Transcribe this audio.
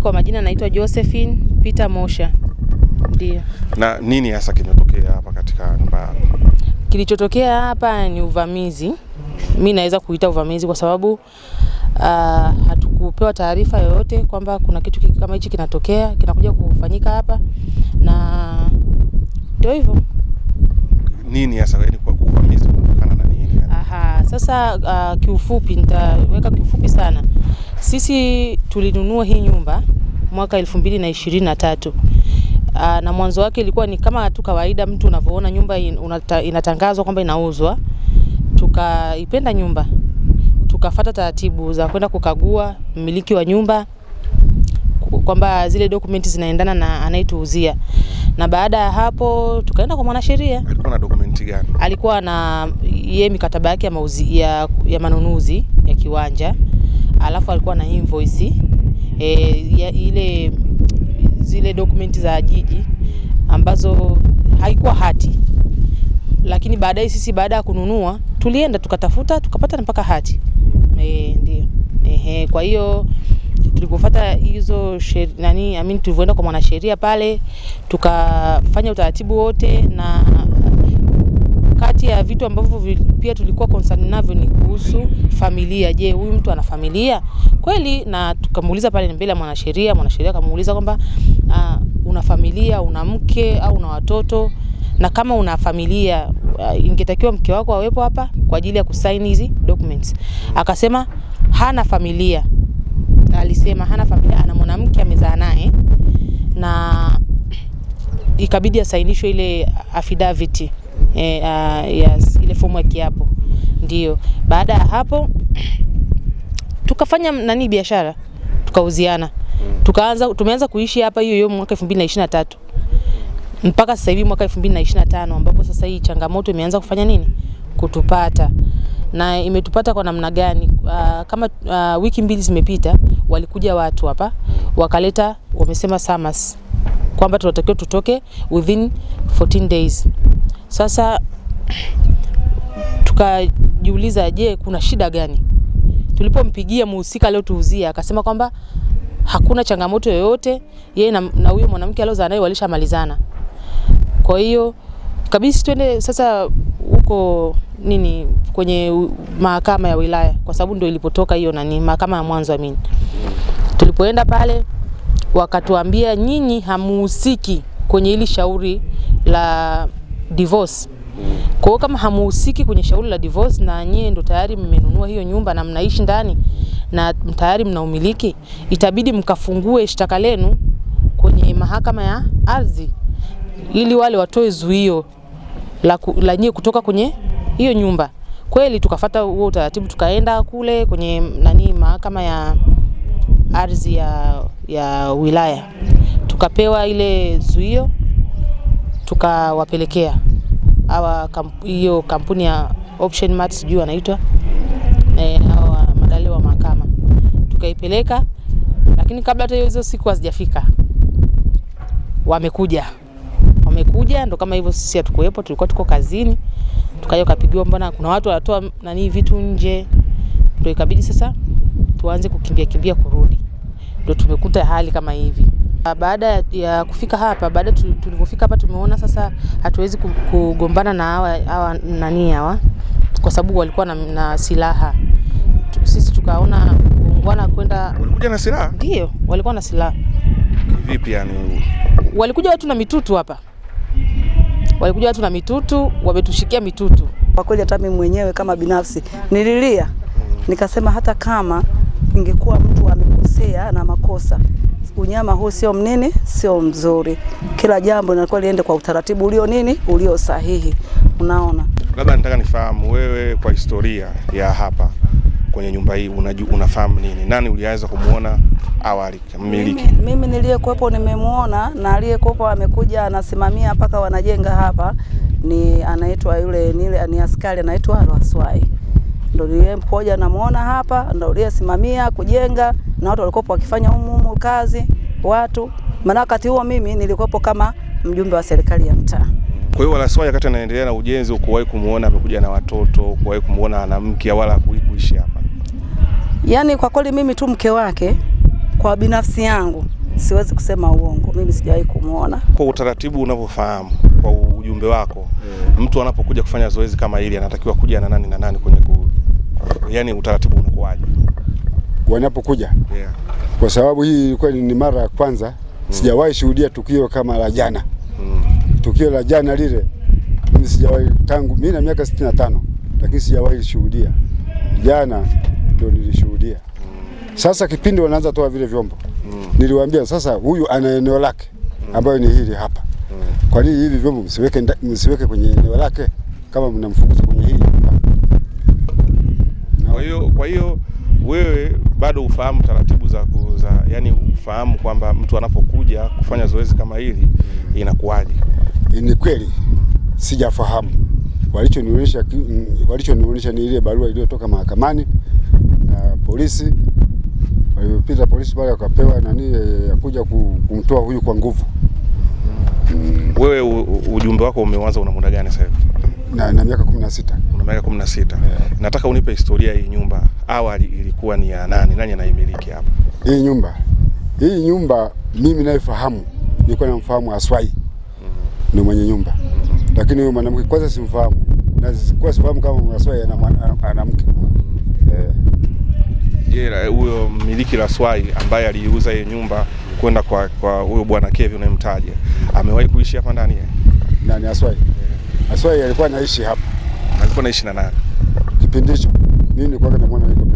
kwa majina naitwa Josephine Peter Mosha. Ndio. Na nini hasa kimetokea hapa katika nyumba yako? Kilichotokea hapa ni uvamizi, mi naweza kuita uvamizi kwa sababu uh, hatukupewa taarifa yoyote kwamba kuna kitu kama hichi kinatokea kinakuja kufanyika hapa, na ndio hivyo. Nini hasa yaani sasa uh, kiufupi nitaweka kiufupi sana. Sisi tulinunua hii nyumba mwaka elfu mbili na ishirini na tatu uh, na mwanzo wake ilikuwa ni kama tu kawaida mtu unavyoona nyumba in, unata, inatangazwa kwamba inauzwa. Tukaipenda nyumba tukafata taratibu za kwenda kukagua mmiliki wa nyumba kwamba zile dokumenti zinaendana na anayetuuzia na baada ya hapo tukaenda kwa mwanasheria. Alikuwa na dokumenti gani? Alikuwa na ye mikataba yake ya, ya, ya manunuzi ya kiwanja, alafu alikuwa na invoice e, ya, ile zile dokumenti za jiji ambazo haikuwa hati, lakini baadaye sisi baada ya kununua tulienda tukatafuta tukapata mpaka hati e, ndio e, kwa hiyo tulipofuata hizo nani, I mean, tulivyoenda kwa mwanasheria pale tukafanya utaratibu wote, na kati ya vitu ambavyo pia tulikuwa concerned navyo ni kuhusu familia. Je, huyu mtu ana familia kweli? Na tukamuuliza pale mbele ya mwanasheria, mwanasheria akamuuliza kwamba uh, una familia, una mke au una watoto? Na kama una familia uh, ingetakiwa mke wako awepo hapa kwa ajili ya kusaini hizi documents. Akasema hana familia alisema hana familia, ana mwanamke amezaa naye, na ikabidi asainishwe ile affidavit e, eh, uh, ah, yes, ile fomu ya kiapo. Ndio baada ya hapo tukafanya nani biashara, tukauziana, tukaanza tumeanza kuishi hapa hiyo hiyo mwaka 2023 mpaka sasa hivi mwaka 2025 ambapo sasa hii changamoto imeanza kufanya nini kutupata na imetupata kwa namna gani? Uh, kama uh, wiki mbili zimepita walikuja watu hapa wakaleta, wamesema SAMAS kwamba tunatakiwa tutoke within 14 days. Sasa tukajiuliza, je, kuna shida gani? Tulipompigia muhusika aliyotuuzia akasema kwamba hakuna changamoto yoyote, yeye na huyo mwanamke aliozaa naye walishamalizana. Kwa hiyo kabisa twende sasa huko nini kwenye mahakama ya wilaya, kwa sababu ndio ilipotoka hiyo nani mahakama ya mwanzo amini Tulipoenda pale wakatuambia, nyinyi hamuhusiki kwenye hili shauri la divorce. Kwa kama hamuhusiki kwenye shauri la divorce na nyinyi ndo tayari mmenunua hiyo nyumba na mnaishi ndani na tayari mnaumiliki, itabidi mkafungue shtaka lenu kwenye mahakama ya ardhi ili wale watoe zuio la, la nyie kutoka kwenye hiyo nyumba. Kweli tukafata huo utaratibu, tukaenda kule kwenye nani mahakama ya ardhi ya, ya wilaya, tukapewa ile zuio, tukawapelekea hawa hiyo kamp, kampuni ya Option Mart sijui wanaitwa e, hawa madalali wa mahakama tukaipeleka, lakini kabla hata hizo siku hazijafika wamekuja wamekuja ndo kama hivyo. Sisi hatukuwepo, tulikuwa tuko kazini, tukaja kapigiwa, mbona kuna watu wanatoa nani vitu nje, ndio ikabidi sasa tuanze kukimbia kimbia kurudi, ndio tumekuta hali kama hivi. Ah, baada ya kufika hapa, baada tulivyofika hapa, tumeona sasa hatuwezi kugombana na hawa, hawa nani hawa, kwa sababu walikuwa na, na silaha. Sisi tukaona wana kwenda. Walikuja na silaha? Ndio, walikuwa na silaha. Vipi yani? Walikuja watu na mitutu hapa, walikuja watu na mitutu, wametushikia mitutu. Kwa kweli hata mimi mwenyewe kama binafsi nililia, mm. nikasema hata kama ingekuwa mtu amekosea na makosa. Unyama huu sio mnini, sio mzuri. Kila jambo linakuwa liende kwa utaratibu ulio nini, ulio sahihi. Unaona, labda nataka nifahamu wewe, kwa historia ya hapa kwenye nyumba hii unafahamu nini? Nani uliweza kumuona awali mmiliki? Mimi, mimi niliyekuwepo nimemuona na aliyekuwepo amekuja anasimamia mpaka wanajenga hapa, ni anaitwa yule ni askari anaitwa Rwaswai ndo mkoja namuona hapa, ndo niliyesimamia kujenga na watu walikopo wakifanya humu kazi watu, maana wakati huo mimi nilikuwepo kama mjumbe wa serikali ya mtaa. Kwa hiyo Walaswaja wakati anaendelea na ujenzi, ukuwahi kumuona amekuja na watoto, ukuwahi kumuona ana mke wala hakuwahi kuishi hapa? Yaani kwa kweli mimi tu mke wake, kwa binafsi yangu siwezi kusema uongo, mimi sijawahi kumuona. Kwa utaratibu unavyofahamu, kwa ujumbe wako, yeah. Mtu anapokuja kufanya zoezi kama hili anatakiwa kuja na nani na nani kwenye kuhu yani utaratibu unakuwaje wanapokuja yeah. Kwa sababu hii ilikuwa ni mara ya kwanza mm. Sijawahi shuhudia tukio kama la jana mm. Tukio la jana lile mimi sijawahi tangu mimi na miaka 65 lakini sijawahi shuhudia. Jana ndio nilishuhudia mm. Sasa kipindi wanaanza toa vile vyombo mm. Niliwaambia sasa, huyu ana eneo lake mm. ambayo ni hili hapa mm. Kwa nini hivi vyombo msiweke msiweke kwenye eneo lake kama mnamfukuza kwenye hili kwa hiyo wewe bado ufahamu taratibu za, kuza, yani ufahamu kwamba mtu anapokuja kufanya zoezi kama hili inakuwaje. Ni kweli sijafahamu walichonionyesha, walichonionyesha ni ile barua iliyotoka mahakamani na polisi walipita polisi pale wakapewa nani eh, ya kuja kumtoa huyu kwa nguvu. Wewe ujumbe wako umeanza una muda gani sasa hivi? na, na miaka 16. Una miaka 16. Yeah. Nataka unipe historia hii nyumba. Awali ilikuwa ni ya nani? Nani anaimiliki hapa? Hii nyumba. Hii nyumba mimi naifahamu. Nilikuwa namfahamu Aswai. Mm -hmm. Ni mwenye nyumba. Mm -hmm. Lakini huyo mwanamke kwanza simfahamu. Na sikuwa sifahamu kama Aswai ana mwanamke. Yeah. Mm-hmm. Yeah, huyo mmiliki la Aswai ambaye aliuza hii nyumba kwenda kwa kwa huyo bwana Kevin unayemtaja, amewahi kuishi hapa ndani? Nani Aswai? Aswai alikuwa anaishi hapa. Alikuwa anaishi na nani? Kipindi hicho mimi nilikuwa na mwana